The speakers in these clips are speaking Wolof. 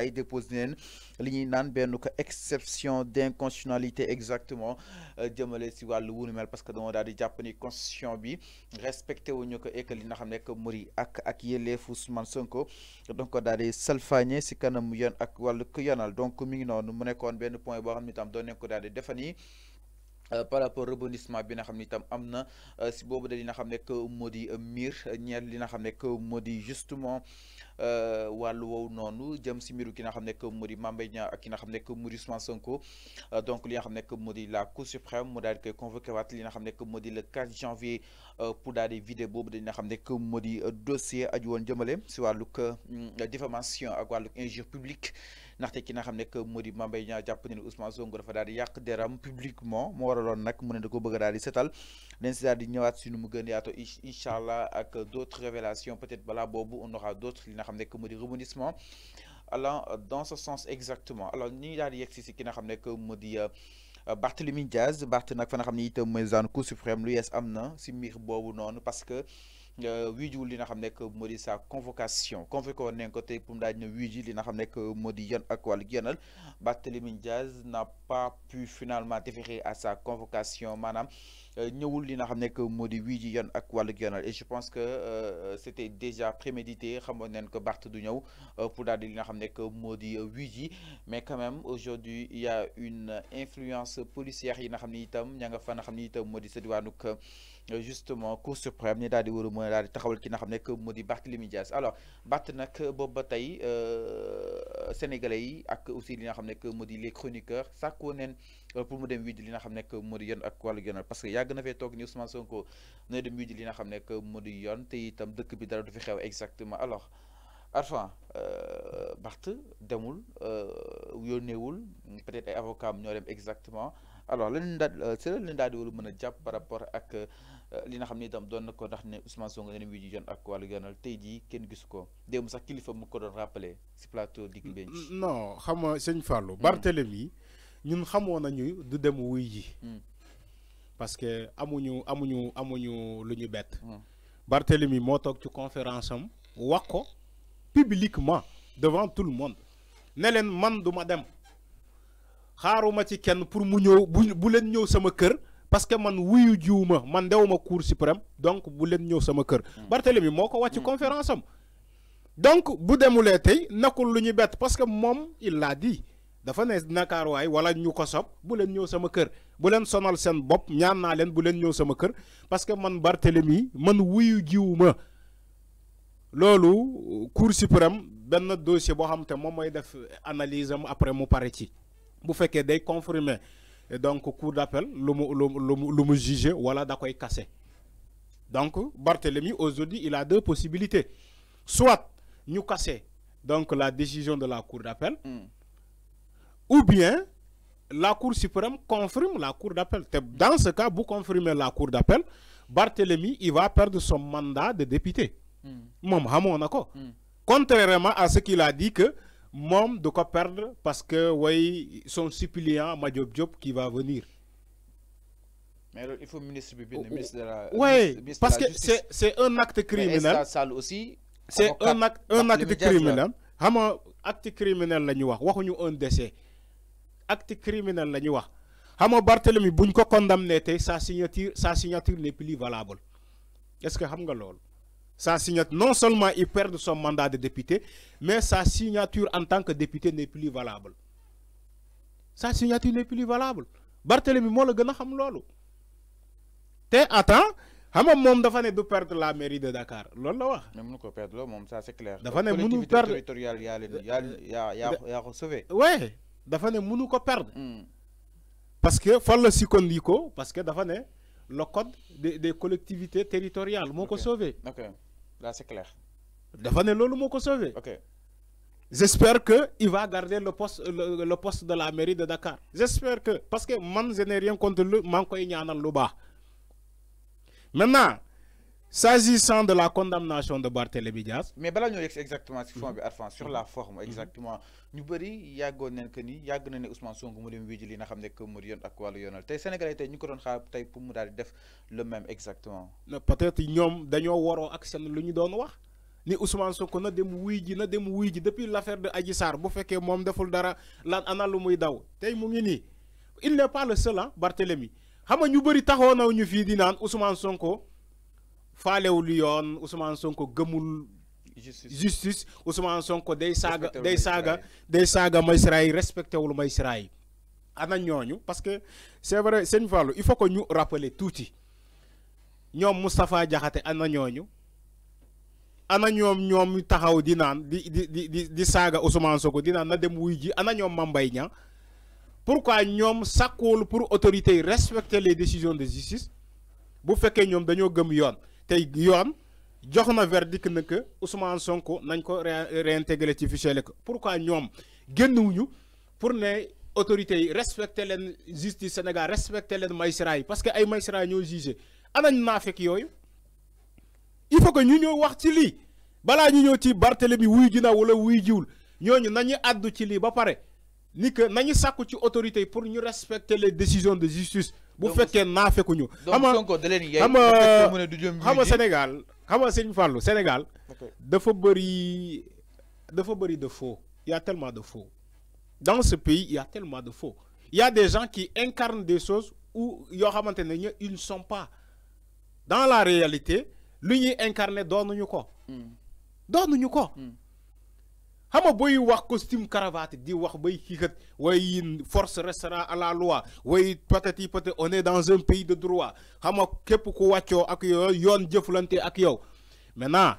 kaay déposé neen li ben exception d'inconstitutionnalité exactement euh, jëmale si wàllu wunu mel parce que dans daal japonais conscient ni constitution bi respecté et que ek li nga à qui est ak ak yelleefu Ousmane Sonko donc daal c'est salfaañe si kanam à quoi le ko n'a donc mi ngi noonu mu bien le point de voir ne itam doon nañ ko daal euh, par rapport rebondissement bi à xam ne amna si euh, vous da li que maudit mire n'y a li que maudit justement euh, wàllu woowu noonu jëm si mbiru ki nga xam nekk mu di Mame ak ki nga xam nekk mu di Sonko euh, donc li nga xam nekk mu la Cour suprême mu daal di koy convoqué waat li nga xam nekk mu le 4 janvier euh, pour daal di vidéo boobu dañ nga xam nekk mu dossier aju woon jëmale si wàllug diffamation ak wàllug injure publique ndaxte ki nga xam nekk mu di Mame Mbaye Niang jàpp Ousmane Sonko dafa daal yak yàq deram publiquement mo waraloon nak mu ne ko bëgg daal di setal dañ si daal di ñëwaat si nu mu gën yaato inshallah ak d'autres révélations peut être bala bobu on aura d' autres xam ne mu di rebondissement allant dans ce sens exactement alors ni dal di yegg ki nga xam ne mu euh, Barthélemy Diaz Barth nak fa nga xam ne itam mooy zone Cour suprême lu yees am na bobu non parce que euh, wiijuwul li nga xam nekk moo sa convocation convoqué woon nañ ko tey pour dañ daaj na wiiji li nga xam nekk moo di yoon ak wàllu yoonal Barthélemy Diaz n'a pas pu finalement déférer à sa convocation maanaam ñëwul li nga que nekk moo di ji ak walu et je pense que euh, euh, c'était déjà prémédité xamone nañ que Barth du ñëw euh, pour la li nga xamné que modi mais quand même aujourd'hui il y a une influence policière yi nga xam ni itam ña fa nga xam itam moo di justement cour suprême ni daal di war a mën di taxawal ki nga xamné que modi Barthélémy Dias alors Barth nak bob ba sénégalais yi ak aussi li nga xamné que modi les chroniqueurs sàkkoo neen Euh, pour mu dem wujj li na xam nekk moo di yoon ak wàllu yoonal parce que yàgg na fee toog ni Ousmane Sonko na dem wujj li nga xam nekk moo di yoon te itam dëkk bi dara du fi xew exactement alors Arfan euh, Barth demul euh, yónneewul peut-être ay avocat ñoo dem exactement alors lan daal si lan daal di war mën a jàpp par rapport ak li na xam ne itam doon na ko ndax ne Ousmane Sonko yoon ak wàllu yoonal tey jii kenn gisu ko démb sax kilifa mu ko doon rappelé si plateau digg benn. non xam nga sëñ Fallou Barthélemy Nous avons du dem wuy ji. Hmm. parce que amuñu amuñu amuñu luñu bet hmm. Barthélemy moo ci conférence am wako publiquement devant tout le monde ne man que ma dem ci kenn pour mu ñew bu len parce que man wuyu man dewuma cour suprême donc bu sama hmm. conférence am donc bu nakul luñu parce que il l'a dit dafa ne Ndakaar way wala ñu ko sob bu len ñew sama kër bu len sonal sen bop ñaan na len bu len ñew sama kër parce que man Barthélemy man wuyu jiwu ma Cour suprême ben dossier bo xam te moom mooy def analyse am après mu pare ci bu fekkee day confirmer donc cour d'appel lu mu lu mu juger wala da koy casser donc Barthélemy aujourd'hui il a deux possibilités soit ñu casser donc la décision de la cour d'appel hmm ou bien la Cour suprême confirme la Cour d'appel. Dans ce cas, vous confirmez la Cour d'appel, Barthélemy, il va perdre son mandat de député. Mom, hmm. hmm. Contrairement à ce qu'il a dit que Mom doit perdre parce que oui, son suppliant Madiop Diop qui va venir. Mais il faut ministre le ministre de la Oui, parce que c'est un acte criminel. C'est un acte, un acte criminel. Un acte criminel, nous avons un décès acte criminel la ñu wax condamné sa signature sa signature n'est plus valable est-ce que xam nga sa signature non seulement il perd son mandat de député mais sa signature en tant que député n'est plus valable sa signature n'est plus valable Barthélemy mo la sais xam attends xam perdre la mairie de Dakar la perdre ça c'est clair. perdre dafa ne mënu ko perdre hmm. parce que faut la sikkandikoo parce que dafa le code des collectivités territoriales moko ko sauvé ok là c'est clair dafa le loolu ok j'espère que va garder le poste le poste de la mairie de Dakar j'espère que parce que man je n'ai rien contre lui, Je n'ai rien contre lui. maintenant S'agissant de la condamnation de Barthélémy Diaz. mais balaa ñoo exactement si fond bi sur la forme exactement ñu bëri yàggoon nañ que ni yàgg na ne Ousmane Sonko mu dem wéji li nga xam ne que mu yoon ak wàllu yoonal Sénégalais tey ñu ko pour mu def le même exactement. peut-être ñoom dañoo woro ak seen lu ñu doon wax ni Ousmane Sonko na dem wuy ji na dem wuy ji depuis l'affaire de Adji Sarr bu fekkee mom deful dara lan ana lu muy daw tay mu ngi ni il n'est pas le seul ah Barthélémy xam ñu bari taxo na ñu fi di nan Ousmane Sonko ou yoon Ousmane Sonko gemul, justice Ousmane Sonko des saga des saga, des saga, magistrat ana parce que c'est vrai une il faut que nous rappeler touti. N'yom, Moustapha ana ñooñu ana taxaw di Sonko ana pourquoi pour autorité, respecter les décisions de justice bu faites tey yoon jox na verdict na que Ousmane Sonko nañ ko réintégrer ci fichier la pourquoi ñom gennuñu pour né autorités yi respecté justice Sénégal respecter len magistrat yi parce que ay magistrat ñoo juger anañ naa fekk yooyu il faut que ñu ñoo wax ci li bala ñu ñoo ci Barthélemy wuy ji na wala wuy jiwul ñooñu nañu àddu ci li ba paré ni que nañu sakku ci autorité pour ñu respecter les décisions de justice bu n'a naa ñu xam nga Sénégal xam nga Serigne Fallou Sénégal dafa bëri dafa bëri de faux il y a tellement de faux dans ce pays il y a tellement de faux il y a des gens qui incarnent des choses où yo xamante ne ñu ils ne sont pas dans la réalité lu ñuy incarner doonuñu ko hmm. doonuñu ko hmm xam boy wax costume cravate di wax bay xiixat way force restera à la loi way patati patati on est dans un pays de droit xam kep képp ku wàccoo ak yo yoon jeuflanté ak yow maintenant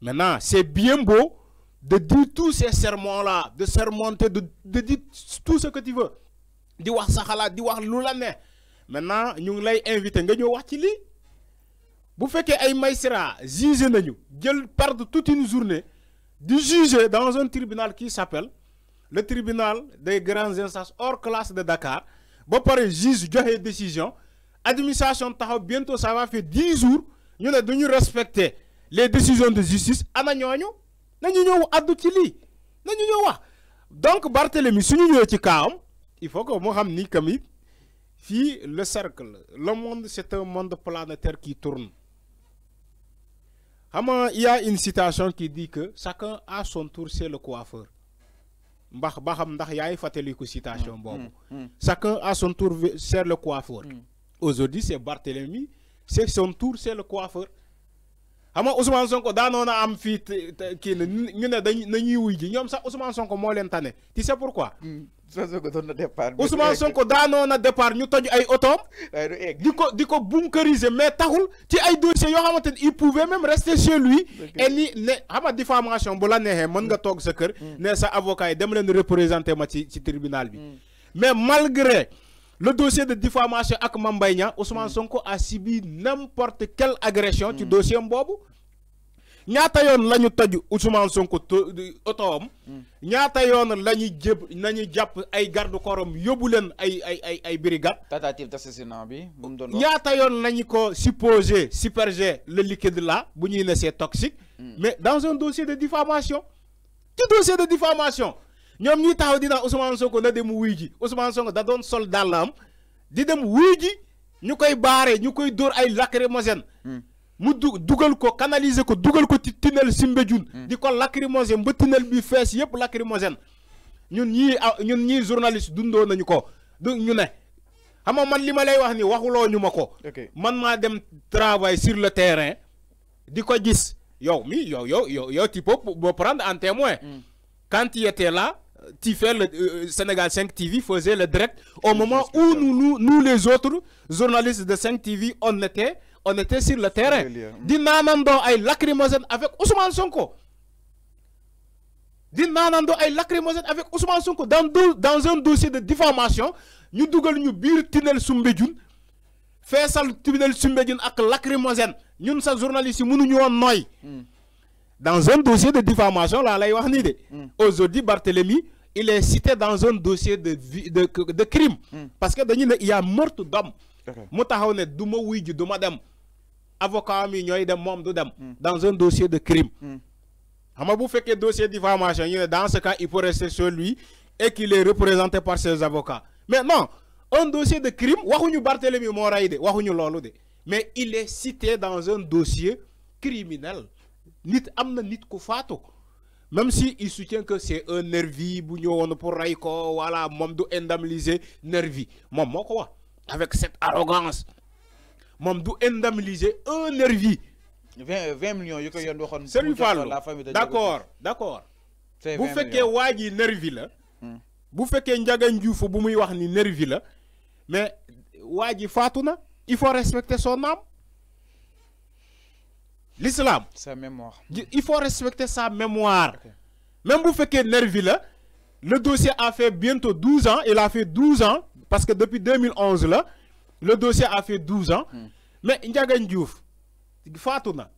maintenant c'est bien beau de dire tous ces sermons là de sermonter de de dire tout ce que tu veux di wax sa di wax lula ne maintenant ñu ngi lay inviter nga ñëw wax ci li bu fekkee ay magistrats jugé nañu jël perdre toute une journée du juger dans un tribunal qui s'appelle le tribunal des grandes instances hors classe de Dakar ba le juge une décision administration taxaw bientôt ça va faire 10 jours nous ne respecter les décisions de justice ana nañu nous addu ci nañu donc Barthélemy suñu nous ci kaawam il faut que Mohamed xam ni le cercle le monde c'est un monde planétaire qui tourne il y a une citation qui dit que chacun à son tour c'est le coiffeur. Mbax baxam ndax une fateliku citation mm, bobu. Mm, mm. Chacun à son tour c'est le coiffeur. Aujourd'hui c'est Barthélemy, c'est son tour c'est le coiffeur. Ama Ousmane Sonko daanona am fi ki ñu ne dañ nañuy wuy ji ñom sax Ousmane Sonko mo len tané. Tu sais pourquoi? Ousmane Sonko dans na départ. ñu toj ay otoom. diko diko bunkeriser mais taxul ci ay dossier yo xamante il pouvait même rester chez lui. et ni ne diffamation bu la neexee mën nga tok sa kër. Mm. ne sa avocat et dem leen représenter ma ci ci tribunal bi. Mm. mais malgré le dossier de diffamation ak Mame Ousmane mm. Sonko a subi n'importe quelle agression. ci dossier boobu ñaata yoon lañu taju Ousmane Sonko otoom hmm. ñaata yoon lañu ñuy jëb nañu japp ay garde corps-am yóbbu ay ay ay ay brigade tentative d'assassinat bi bu mu doon ñaata yoon nañu ko supposé superger le liquide là bu ñuy ne toxique hmm. mais dans un dossier de diffamation ci dossier de diffamation ñom ñuy taw dina Ousmane Sonko na dem wuy Ousmane Sonko da don sol dàllam di dem wuy ñukoy ñu ñukoy baare ay lacrymogène hmm mu du ko canaliser ko dougal ko ci tunnel simbe djoun mm. diko lacrymogène ba tunnel bi fess yëpp lacrymogène ñun ñi ah, ñun ñi journaliste dundoo nañu ko ñu ne xam man lima lay wax ni waxulo ñuma ma ko man ma dem travail sur le terrain diko gis yow mi yow yow yow yow tu peux me prendre en témoin mm. quand il était là tu fais le euh, euh, Sénégal 5 TV faisait le direct au moment où nous nous nous les autres journalistes de 5 TV on était on était sur le terrain mm. dinaanandoo a ay lacrymogène avec Ousmane Sonko dinaanandoo ay lacrymosène avec Ousmane Sonko dans dans un dossier de diffamation ñu avons ñu biir tunnel ça le tunnel Soumbédioune ak lacrymogène ñun sa journaliste yi nous en noy. dans un dossier de diffamation laa lay wax nii de mm. aujourd'hui Barthélémy il est cité dans un dossier de de de crime mm. parce que dañu il y a mort d'homme mu taxaw ne du ma wuy ji du madame avocat am yi dem moom hmm. dans un dossier de crime. Hmm. xam nga bu fekkee dossier diffamation dans ce cas il faut rester sur lui et qu'il est représenté par ses avocats mais non un dossier de crime waxuñu Barthélemy moo rey de mais il est cité dans un dossier criminel nit amna nit ku faatu même si il soutient que c'est un nervi bu pour raiko, ko voilà du indemniser nervi moom moo ko avec cette arrogance mom du indemniser un nervi. 20 20 millions C'est ko yoon waxoon. D'accord. Vous faites que Wadi bu faites que nervi la. Hmm. bu que Ndiaga Diouf bu muy wax ni nervi la mais Wadi Fatuna, il faut respecter son âme. L'islam. sa mémoire il faut respecter sa mémoire. même vous faites nervi la le dossier a fait bientôt 12 ans il a fait 12 ans parce que depuis 2011 là. Le dossier a fait 12 ans. Hmm. mais Ndiaga Diouf faatu na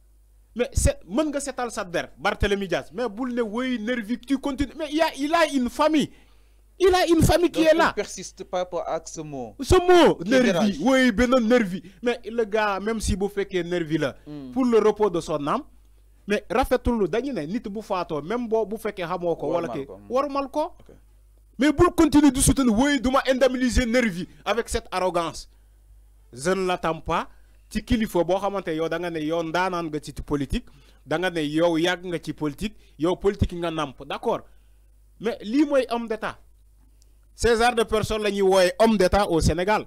mais c'est mën c'est seetal sa der Barthélémy médias. mais bul ne woy nervi tu continues mais il a il a une famille. il a une famille qui est là. Il persiste pas pour à ce mot. Ce mot, nervi, oui, ben nervi. Mais le gars, même si vous faites nervi là, hmm. pour le repos de son âme, mais rafetoulou, d'ailleurs, nit bu fato, même bo bu faites que hamoko, voilà que, warmalko. Mais pour continuer de soutenir, oui, de m'indemniser nervi avec cette arrogance je ne l'attends pas ci kilifa boo xamante yow da nga ne yow ndaanaan nga ci politique da nga ne yow yàgg nga ci politique yow politique nga pas d'accord mais lii est homme d'état ces de personnes la ñuy homme d'état au Sénégal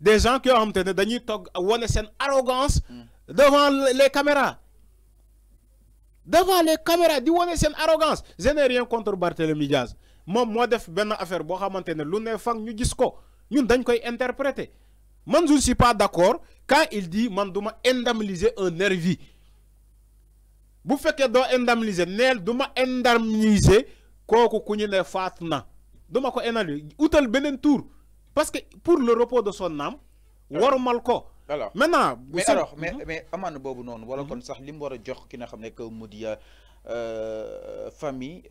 des gens qui yoo xamante ne dañuy togg wone seen arrogance mm. devant les caméras devant les caméras di wone seen arrogance je n'ai rien contre Barthélémy Diaz moom moo def benn affaire boo xamante ne lu ne fang ñu gis ko ñun dañ koy interpréter je ne suis pas d'accord quand il dit Mandouma indemniser un nervi. Vous faites que doit indemniser, nel douma indemniser ne fatna. Douma ko enali utel benen tour parce que pour le repos de son âme warmal ko. alors maintenant mais alors mais mhm. mais amane bobu non wala mhm. kon sax lim wara jox ki n'a que euh, famille